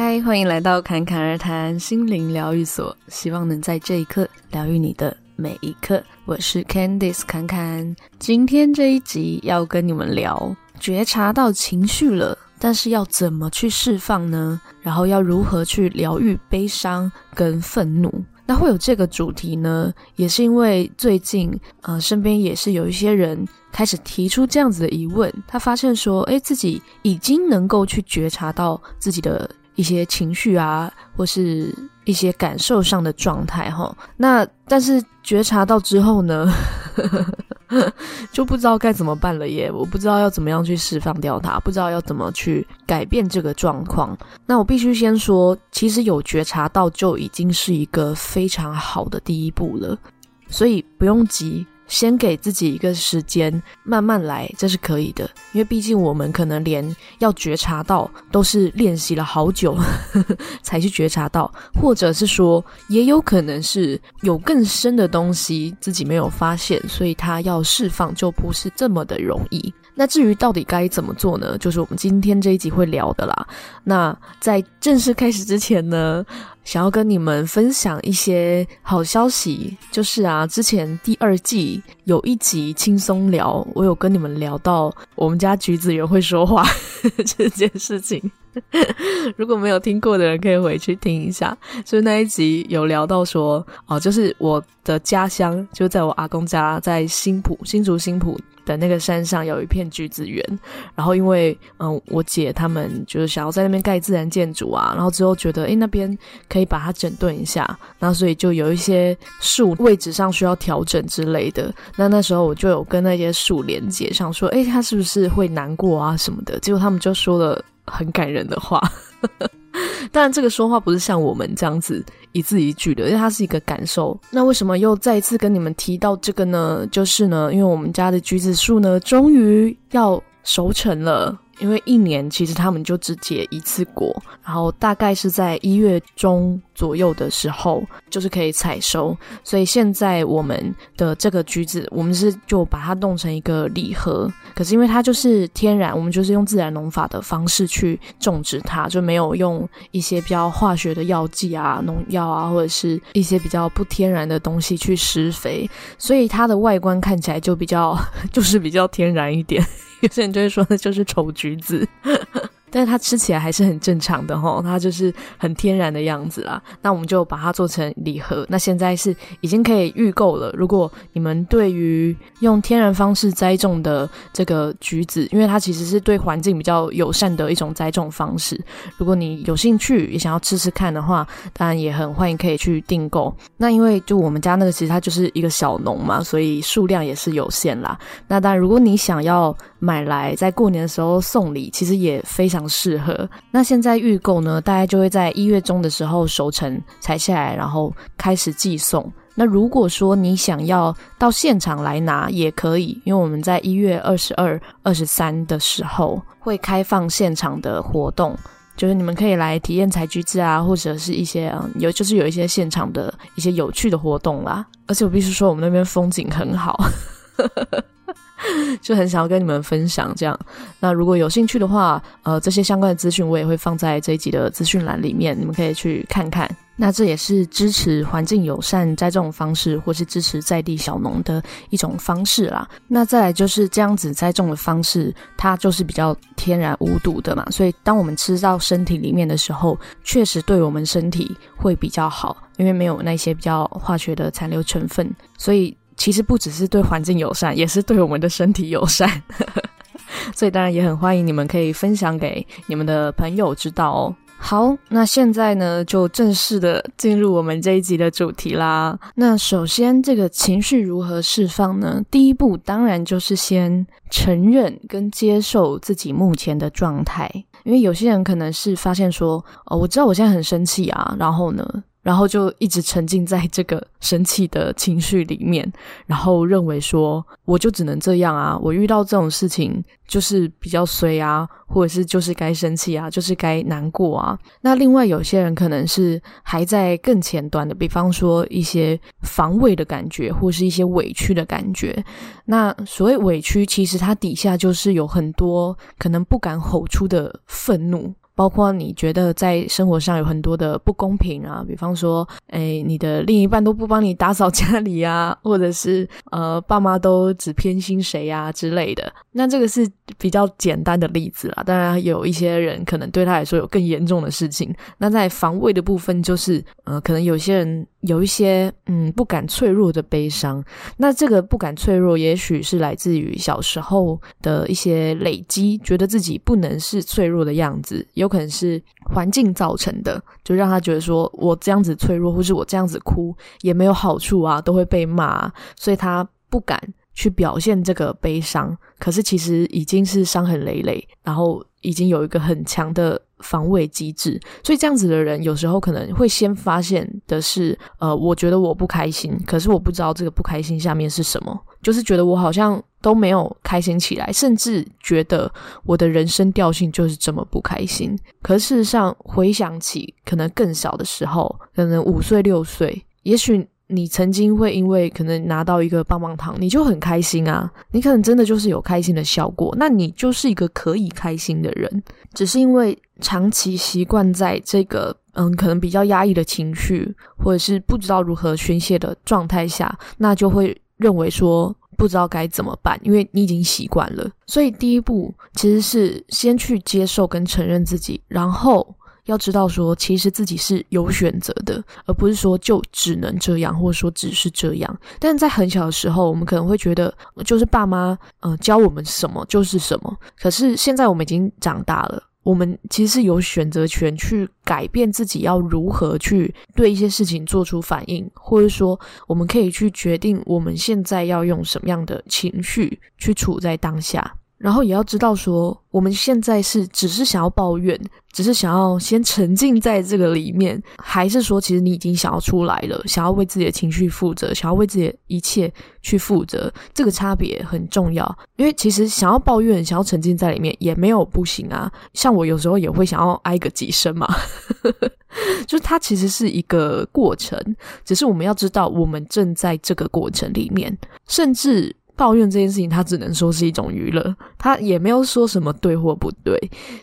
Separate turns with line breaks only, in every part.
嗨，Hi, 歡迎來到侃侃而談心靈療癒所，希望能在這一刻療癒你的每一刻。我是 Candice 侃侃，今天這一集要跟你們聊覺察到情緒了，但是要怎麼去釋放呢？然後要如何去療癒悲傷跟憤怒？那會有這個主題呢，也是因為最近，呃，身邊也是有一些人開始提出這樣子的疑問，他發現說，哎，自己已經能夠去覺察到自己的一些情緒啊，或是一些感受上的狀態齁，那但是覺察到之後呢， 就不知道該怎麼辦了耶，我不知道要怎麼樣去釋放掉它，不知道要怎麼去改變這個狀況。那我必須先說，其實有覺察到就已經是一個非常好的第一步了，所以不用急。先給自己一個時間，慢慢來，這是可以的。因為畢竟我們可能連要覺察到都是練習了好久 才去覺察到，或者是說，也有可能是有更深的東西自己沒有發現，所以它要釋放就不是這麼的容易。那至於到底該怎麼做呢？就是我們今天這一集會聊的啦。那在正式開始之前呢，想要跟你們分享一些好消息，就是啊，之前第二季有一集輕鬆聊，我有跟你們聊到我們家橘子園會說話呵呵這件事情。 如果沒有聽過的人，可以回去聽一下。所以那一集有聊到說，哦，就是我的家鄉就是、在我阿公家，在新埔、新竹新埔的那個山上，有一片橘子園。然後因為，嗯，我姐他們就是想要在那邊蓋自然建築啊，然後之後覺得，誒、欸，那邊可以把它整頓一下，然後所以就有一些樹位置上需要調整之類的。那那時候我就有跟那些樹連接上，說，誒、欸，他是不是會難過啊什麼的？結果他們就說了。很感人的話， 但這個說話不是像我們這樣子一字一句的，因為它是一個感受。那為什麼又再一次跟你們提到這個呢？就是呢，因為我們家的橘子樹呢，終於要熟成了，因為一年其實他們就只結一次果，然後大概是在一月中。左右的時候就是可以採收，所以現在我們的這個橘子，我們是就把它弄成一個禮盒。可是因為它就是天然，我們就是用自然農法的方式去種植它，就沒有用一些比較化學的藥劑啊、農藥啊，或者是一些比較不天然的東西去施肥，所以它的外觀看起來就比較就是比較天然一點。有些人就會說的就是醜橘子。 但是它吃起來還是很正常的齁，它就是很天然的樣子啦。那我們就把它做成禮盒。那現在是已經可以預購了。如果你們對於用天然方式栽種的這個橘子，因為它其實是對環境比較友善的一種栽種方式。如果你有興趣也想要吃吃看的話，當然也很歡迎可以去訂購。那因為就我們家那個其實它就是一個小農嘛，所以數量也是有限啦。那當然如果你想要買來在過年的時候送禮，其實也非常適合。那現在預購呢，大概就會在一月中的時候熟成採下來，然後開始寄送。那如果說你想要到現場來拿，也可以，因為我們在一月二十二、二十三的時候會開放現場的活動，就是你們可以來體驗採橘子啊，或者是一些有就是有一些現場的一些有趣的活動啦。而且我必須說，我們那邊風景很好。 就很想要跟你們分享這樣，那如果有興趣的話，呃，這些相關的資訊我也會放在這一集的資訊欄裡面，你們可以去看看。那這也是支持環境友善栽種的方式，或是支持在地小農的一種方式啦。那再來就是這樣子栽種的方式，它就是比較天然無毒的嘛，所以當我們吃到身體裡面的時候，確實對我們身體會比較好，因為沒有那些比較化學的殘留成分，所以。其實不只是對環境友善，也是對我們的身體友善， 所以當然也很歡迎你們可以分享給你們的朋友知道哦。好，那現在呢，就正式的進入我們這一集的主題啦。那首先，這個情緒如何釋放呢？第一步當然就是先承認跟接受自己目前的狀態，因為有些人可能是發現說，哦，我知道我現在很生氣啊，然後呢。然後就一直沉浸在這個生氣的情緒裡面，然後認為說我就只能這樣啊，我遇到這種事情就是比較衰啊，或者是就是該生氣啊，就是該難過啊。那另外有些人可能是還在更前端的，比方說一些防衛的感覺，或是一些委屈的感覺。那所謂委屈，其實它底下就是有很多可能不敢吼出的憤怒。包括你覺得在生活上有很多的不公平啊，比方說，哎，你的另一半都不幫你打掃家裡啊，或者是呃，爸媽都只偏心誰呀之類的。那這個是比較簡單的例子啦。當然，有一些人可能對他來說有更嚴重的事情。那在防衛的部分，就是，呃，可能有些人。有一些嗯不敢脆弱的悲傷，那這個不敢脆弱，也許是來自於小時候的一些累積，覺得自己不能是脆弱的樣子，有可能是環境造成的，就讓他覺得說我這樣子脆弱，或是我這樣子哭也沒有好處啊，都會被罵啊，所以他不敢去表現這個悲傷。可是其實已經是傷痕累累，然後已經有一個很強的。防衛機制，所以這樣子的人有時候可能會先發現的是，呃，我覺得我不開心，可是我不知道這個不開心下面是什麼，就是覺得我好像都沒有開心起來，甚至覺得我的人生調性就是這麼不開心。可事實上，回想起可能更小的時候，可能五歲六歲，也許。你曾經會因為可能拿到一個棒棒糖，你就很開心啊，你可能真的就是有開心的效果，那你就是一個可以開心的人。只是因為長期習慣在這個，嗯，可能比較壓抑的情緒，或者是不知道如何宣洩的狀態下，那就會認為說不知道該怎麼辦，因為你已經習慣了。所以第一步，其實是先去接受跟承認自己，然後。要知道，說其實自己是有選擇的，而不是說就只能這樣，或者說只是這樣。但是在很小的時候，我們可能會覺得，就是爸媽，嗯、呃，教我們什麼就是什麼。可是現在我們已經長大了，我們其實是有選擇權去改變自己要如何去對一些事情做出反應，或者說我們可以去決定我們現在要用什麼樣的情緒去處在當下。然後也要知道說，說我們現在是只是想要抱怨，只是想要先沉浸在這個裡面，還是說，其實你已經想要出來了，想要為自己的情緒負責，想要為自己的一切去負責，這個差別很重要。因為其實想要抱怨，想要沉浸在裡面也沒有不行啊。像我有時候也會想要哀個幾聲嘛， 就是它其實是一個過程，只是我們要知道，我們正在這個過程裡面，甚至。抱怨這件事情，它只能說是一種娛樂，它也沒有說什麼對或不對，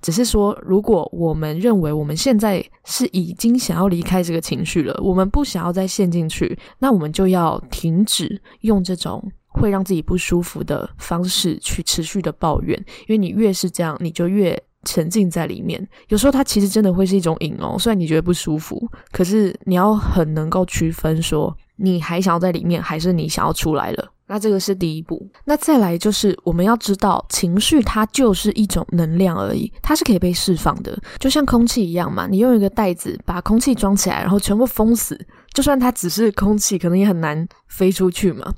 只是說，如果我們認為我們現在是已經想要離開這個情緒了，我們不想要再陷進去，那我們就要停止用這種會讓自己不舒服的方式去持續的抱怨，因為你越是這樣，你就越沉浸在裡面。有時候它其實真的會是一種癮哦，雖然你覺得不舒服，可是你要很能夠區分說，你還想要在裡面，還是你想要出來了。那這個是第一步，那再來就是我們要知道，情緒它就是一種能量而已，它是可以被釋放的，就像空氣一樣嘛，你用一個袋子把空氣裝起來，然後全部封死。就算它只是空氣，可能也很難飛出去嘛。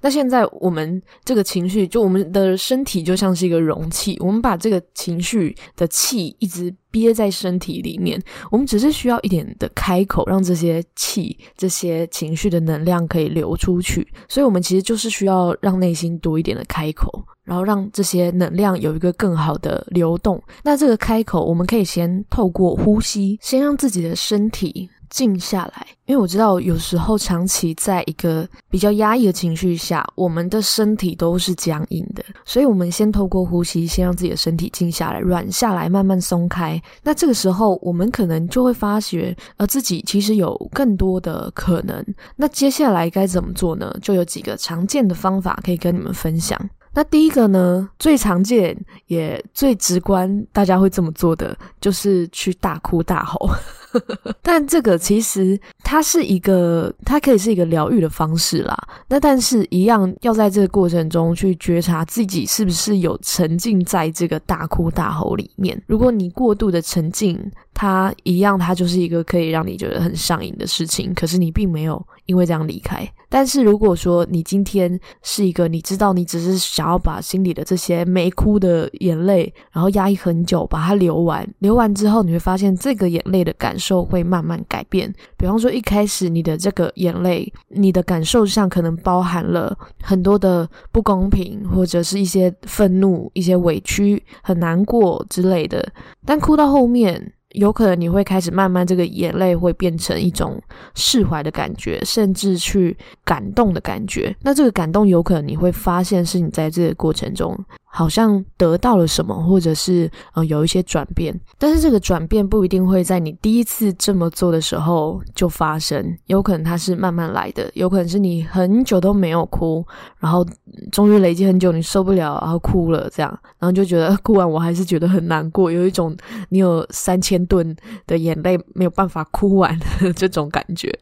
那現在我們這個情緒，就我們的身體就像是一個容器，我們把這個情緒的氣一直憋在身體裡面，我們只是需要一點的開口，讓這些氣、這些情緒的能量可以流出去。所以，我們其實就是需要讓內心多一點的開口，然後讓這些能量有一個更好的流動。那這個開口，我們可以先透過呼吸，先讓自己的身體。靜下來，因為我知道有時候長期在一個比較壓抑的情緒下，我們的身體都是僵硬的。所以，我們先透過呼吸，先讓自己的身體靜下來、軟下來，慢慢鬆開。那這個時候，我們可能就會發覺，而自己其實有更多的可能。那接下來該怎麼做呢？就有幾個常見的方法可以跟你們分享。那第一個呢，最常見也最直觀，大家會這麼做的，就是去大哭大吼。 但這個其實它是一個，它可以是一個療癒的方式啦。那但是，一樣要在這個過程中去覺察自己是不是有沉浸在這個大哭大吼裡面。如果你過度的沉浸，它一樣，它就是一個可以讓你覺得很上癮的事情。可是你並沒有因為這樣離開。但是如果說你今天是一個，你知道你只是想要把心裡的這些沒哭的眼淚，然後壓抑很久，把它流完。流完之後，你會發現這個眼淚的感受會慢慢改變。比方說一開始你的這個眼淚，你的感受上可能包含了很多的不公平，或者是一些憤怒、一些委屈、很難過之類的。但哭到後面，有可能你會開始慢慢，這個眼淚會變成一種釋懷的感覺，甚至去感動的感覺。那這個感動，有可能你會發現是你在這個過程中。好像得到了什麼，或者是呃、嗯、有一些轉變，但是這個轉變不一定會在你第一次這麼做的時候就發生，有可能它是慢慢來的，有可能是你很久都沒有哭，然後終於累積很久你受不了然後哭了這樣，然後就覺得哭完我還是覺得很難過，有一種你有三千噸的眼淚沒有辦法哭完呵呵這種感覺，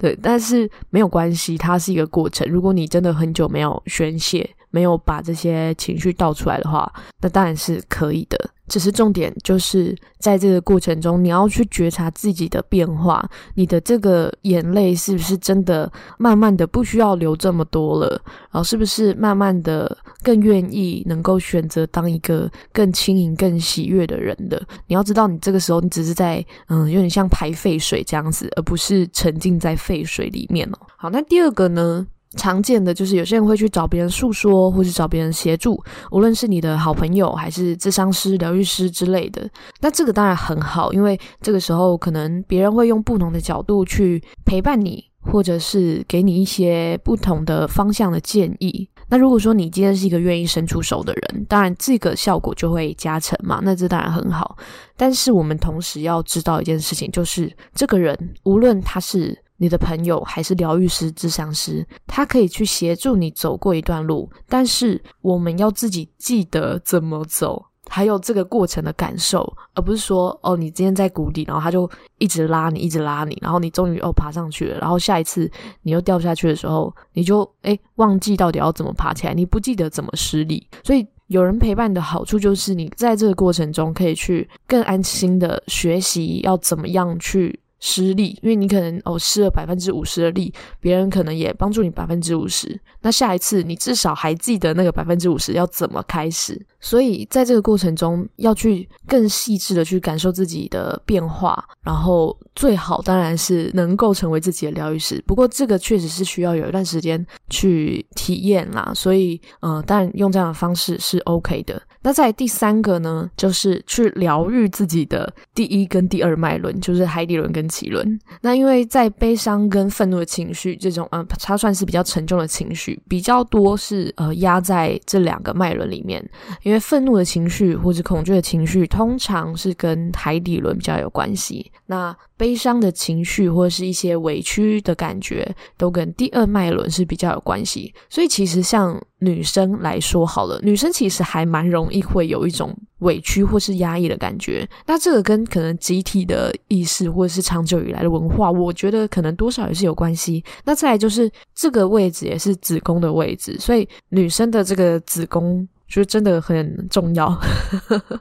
對，但是沒有關係，它是一個過程。如果你真的很久沒有宣泄。沒有把這些情緒倒出來的話，那當然是可以的。只是重點就是在這個過程中，你要去覺察自己的變化，你的這個眼淚是不是真的慢慢的不需要流這麼多了，然後是不是慢慢的更願意能夠選擇當一個更輕盈、更喜悅的人的？你要知道，你這個時候你只是在，嗯，有點像排廢水這樣子，而不是沉浸在廢水裡面哦。好，那第二個呢？常見的就是有些人會去找別人訴說，或是找別人協助，無論是你的好朋友，還是諮商師、療癒師之類的。那這個當然很好，因為這個時候可能別人會用不同的角度去陪伴你，或者是給你一些不同的方向的建議。那如果說你今天是一個願意伸出手的人，當然這個效果就會加成嘛，那這當然很好。但是我們同時要知道一件事情，就是這個人無論他是。你的朋友還是療癒師、諮商師，他可以去協助你走過一段路，但是我們要自己記得怎麼走，還有這個過程的感受，而不是說哦，你今天在谷底，然後他就一直拉你，一直拉你，然後你終於又、哦、爬上去了，然後下一次你又掉下去的時候，你就誒忘記到底要怎麼爬起來，你不記得怎麼施力。所以有人陪伴你的好處就是，你在這個過程中可以去更安心的學習要怎麼樣去。失利，因為你可能哦失了百分之五十的力，別人可能也幫助你百分之五十，那下一次你至少還記得那個百分之五十要怎麼開始，所以在這個過程中要去更細緻的去感受自己的變化，然後最好當然是能夠成為自己的療癒師，不過這個確實是需要有一段時間去體驗啦，所以嗯、呃，但用這樣的方式是 OK 的。那在第三個呢，就是去療癒自己的第一跟第二脈輪，就是海底輪跟臍輪。那因為在悲傷跟憤怒的情緒這種，嗯，呃，它算是比較沉重的情緒，比較多是呃壓在這兩個脈輪裡面。因為憤怒的情緒或者恐懼的情緒，通常是跟海底輪比較有關係。那悲傷的情緒或者是一些委屈的感覺，都跟第二脈輪是比較有關係。所以其實像女生來說，好了，女生其實還蠻容易會有一種委屈或是壓抑的感覺。那這個跟可能集體的意識或者是長久以來的文化，我覺得可能多少也是有關係。那再來就是這個位置也是子宮的位置，所以女生的這個子宮就真的很重要。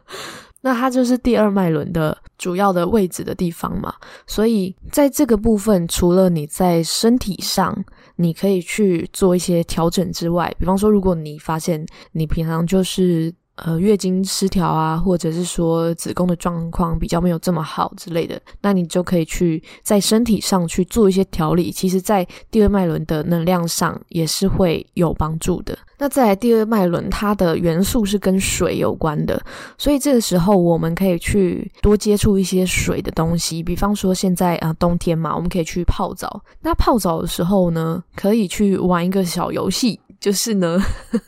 那它就是第二脈輪的主要的位置的地方嘛，所以在這個部分，除了你在身體上你可以去做一些調整之外，比方說，如果你發現你平常就是。呃，月經失調啊，或者是說子宮的狀況比較沒有這麼好之類的，那你就可以去在身體上去做一些調理。其實，在第二脈輪的能量上也是會有幫助的。那在第二脈輪，它的元素是跟水有關的，所以這個時候我們可以去多接觸一些水的東西，比方說現在啊，呃，冬天嘛，我們可以去泡澡。那泡澡的時候呢，可以去玩一個小遊戲。就是呢，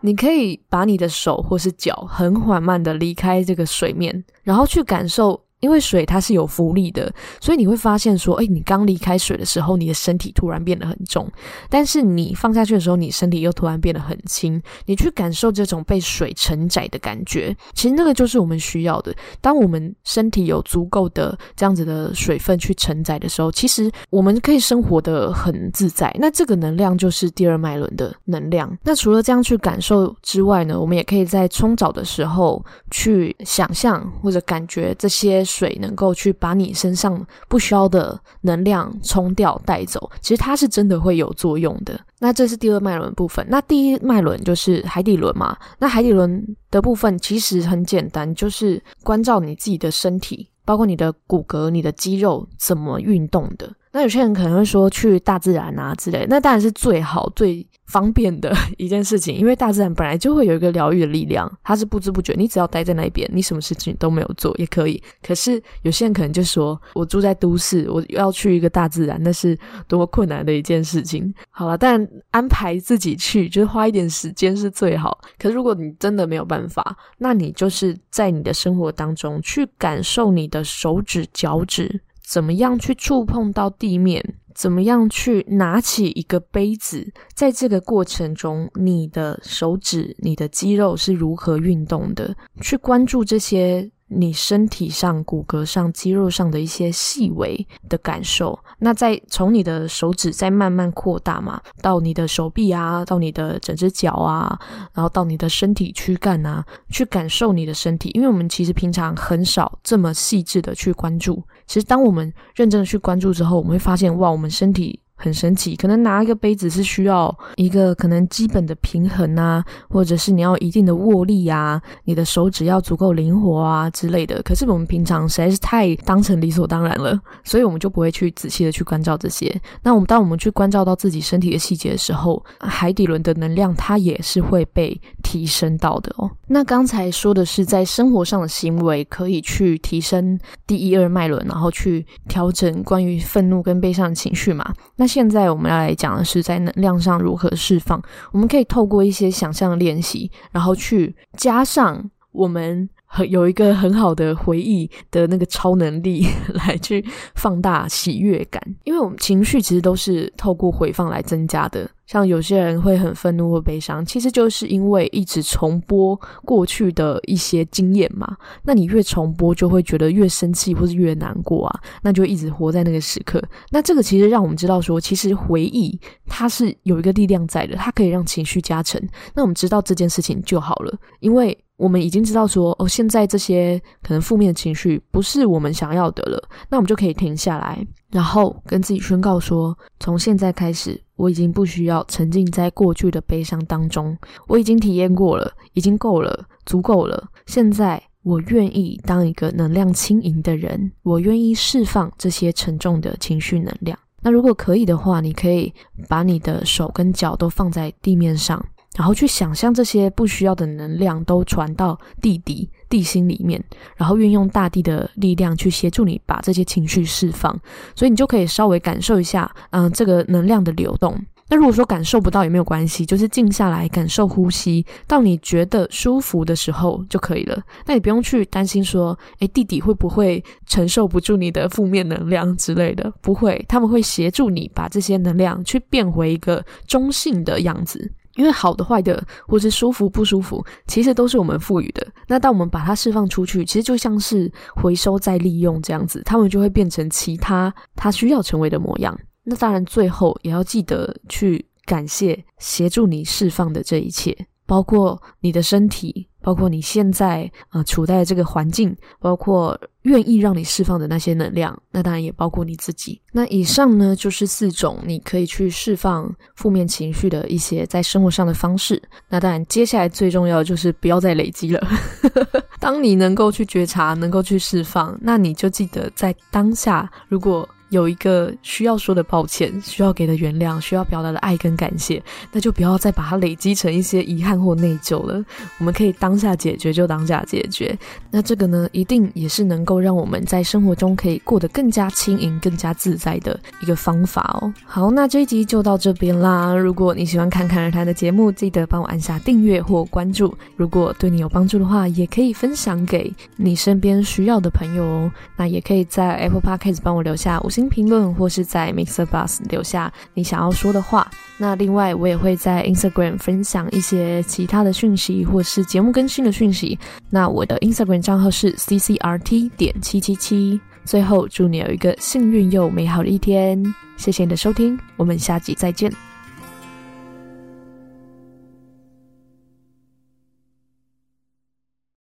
你可以把你的手或是腳很緩慢的離開這個水面，然後去感受。因為水它是有浮力的，所以你會發現說，哎，你剛離開水的時候，你的身體突然變得很重；但是你放下去的時候，你身體又突然變得很輕。你去感受這種被水承載的感覺，其實那個就是我們需要的。當我們身體有足夠的這樣子的水分去承載的時候，其實我們可以生活得很自在。那這個能量就是第二脈輪的能量。那除了這樣去感受之外呢，我們也可以在沖澡的時候去想象或者感覺這些。水能夠去把你身上不需要的能量沖掉帶走，其實它是真的會有作用的。那這是第二脈輪的部分，那第一脈輪就是海底輪嘛。那海底輪的部分其實很簡單，就是關照你自己的身體，包括你的骨骼、你的肌肉怎麼運動的。那有些人可能會說去大自然啊之類的，那當然是最好最方便的一件事情，因為大自然本來就會有一個療癒的力量，它是不知不覺，你只要待在那邊，你什麼事情都沒有做也可以。可是有些人可能就說，我住在都市，我要去一個大自然，那是多麼困難的一件事情。好了，當然安排自己去，就是花一點時間是最好。可是如果你真的沒有辦法，那你就是在你的生活當中去感受你的手指、腳趾、腳趾。怎麼樣去觸碰到地面？怎麼樣去拿起一個杯子？在這個過程中，你的手指、你的肌肉是如何運動的？去關注這些你身體上、骨骼上、肌肉上的一些細微的感受。那再從你的手指再慢慢擴大嘛，到你的手臂啊，到你的整隻腳啊，然後到你的身體軀幹啊，去感受你的身體。因為我們其實平常很少這麼細緻的去關注。其實，當我們認真的去關注之後，我們會發現，哇，我們身體，很神奇，可能拿一個杯子是需要一個可能基本的平衡啊，或者是你要一定的握力啊，你的手指要足夠靈活啊之類的。可是我們平常實在是太當成理所當然了，所以我們就不會去仔細的去關照這些。那我們當我們去關照到自己身體的細節的時候，海底輪的能量它也是會被提升到的哦。那剛才說的是在生活上的行為可以去提升第一二脈輪，然後去調整關於憤怒跟悲傷的情緒嘛。那現在我們要來講的是在能量上如何釋放。我們可以透過一些想象練習，然後去加上我們很有一個很好的回憶的那個超能力來去放大喜悅感，因為我們情緒其實都是透過回放來增加的。像有些人會很憤怒或悲傷，其實就是因為一直重播過去的一些經驗嘛。那你越重播，就會覺得越生氣或是越難過啊，那就一直活在那個時刻。那這個其實讓我們知道說，其實回憶它是有一個力量在的，它可以讓情緒加成。那我們知道這件事情就好了，因為我們已經知道說，哦，現在這些可能負面的情緒不是我們想要的了，那我們就可以停下來，然後跟自己宣告說，從現在開始。我已經不需要沉浸在過去的悲傷當中，我已經體驗過了，已經夠了，足夠了。現在我願意當一個能量輕盈的人，我願意釋放這些沉重的情緒能量。那如果可以的話，你可以把你的手跟腳都放在地面上，然後去想象這些不需要的能量都傳到地底。地心裡面，然後運用大地的力量去協助你把這些情緒釋放，所以你就可以稍微感受一下，嗯、呃，這個能量的流動。那如果說感受不到也沒有關係，就是靜下來感受呼吸，到你覺得舒服的時候就可以了。那你不用去擔心說，哎，地底會不會承受不住你的負面能量之類的？不會，他們會協助你把這些能量去變回一個中性的樣子。因為好的、壞的，或是舒服、不舒服，其實都是我們賦予的。那當我們把它釋放出去，其實就像是回收再利用這樣子，它們就會變成其他它需要成為的模樣。那當然，最後也要記得去感謝協助你釋放的這一切，包括你的身體，包括你現在啊、呃、處在的這個環境，包括。願意讓你釋放的那些能量，那當然也包括你自己。那以上呢，就是四種你可以去釋放負面情緒的一些在生活上的方式。那當然，接下來最重要的就是不要再累積了。 當你能夠去覺察，能夠去釋放，那你就記得在當下，如果。有一個需要說的抱歉，需要給的原諒、需要表達的愛跟感謝，那就不要再把它累積成一些遺憾或內疚了。我們可以當下解決就當下解決。那這個呢，一定也是能夠讓我們在生活中可以過得更加輕盈、更加自在的一個方法哦。好，那這一集就到這邊啦。如果你喜歡看侃侃而談的節目，記得幫我按下訂閱或關注。如果對你有幫助的話，也可以分享給你身邊需要的朋友哦。那也可以在 Apple Podcast 幫我留下五星，評論或是在 MixerBox 留下你想要說的話。那另外我也會在 Instagram 分享一些其他的訊息或是節目更新的訊息。那我的 Instagram 賬號是 ccrt 點七七七。最後祝你有一個幸運又美好的一天。謝謝你的收聽，我們下集再見。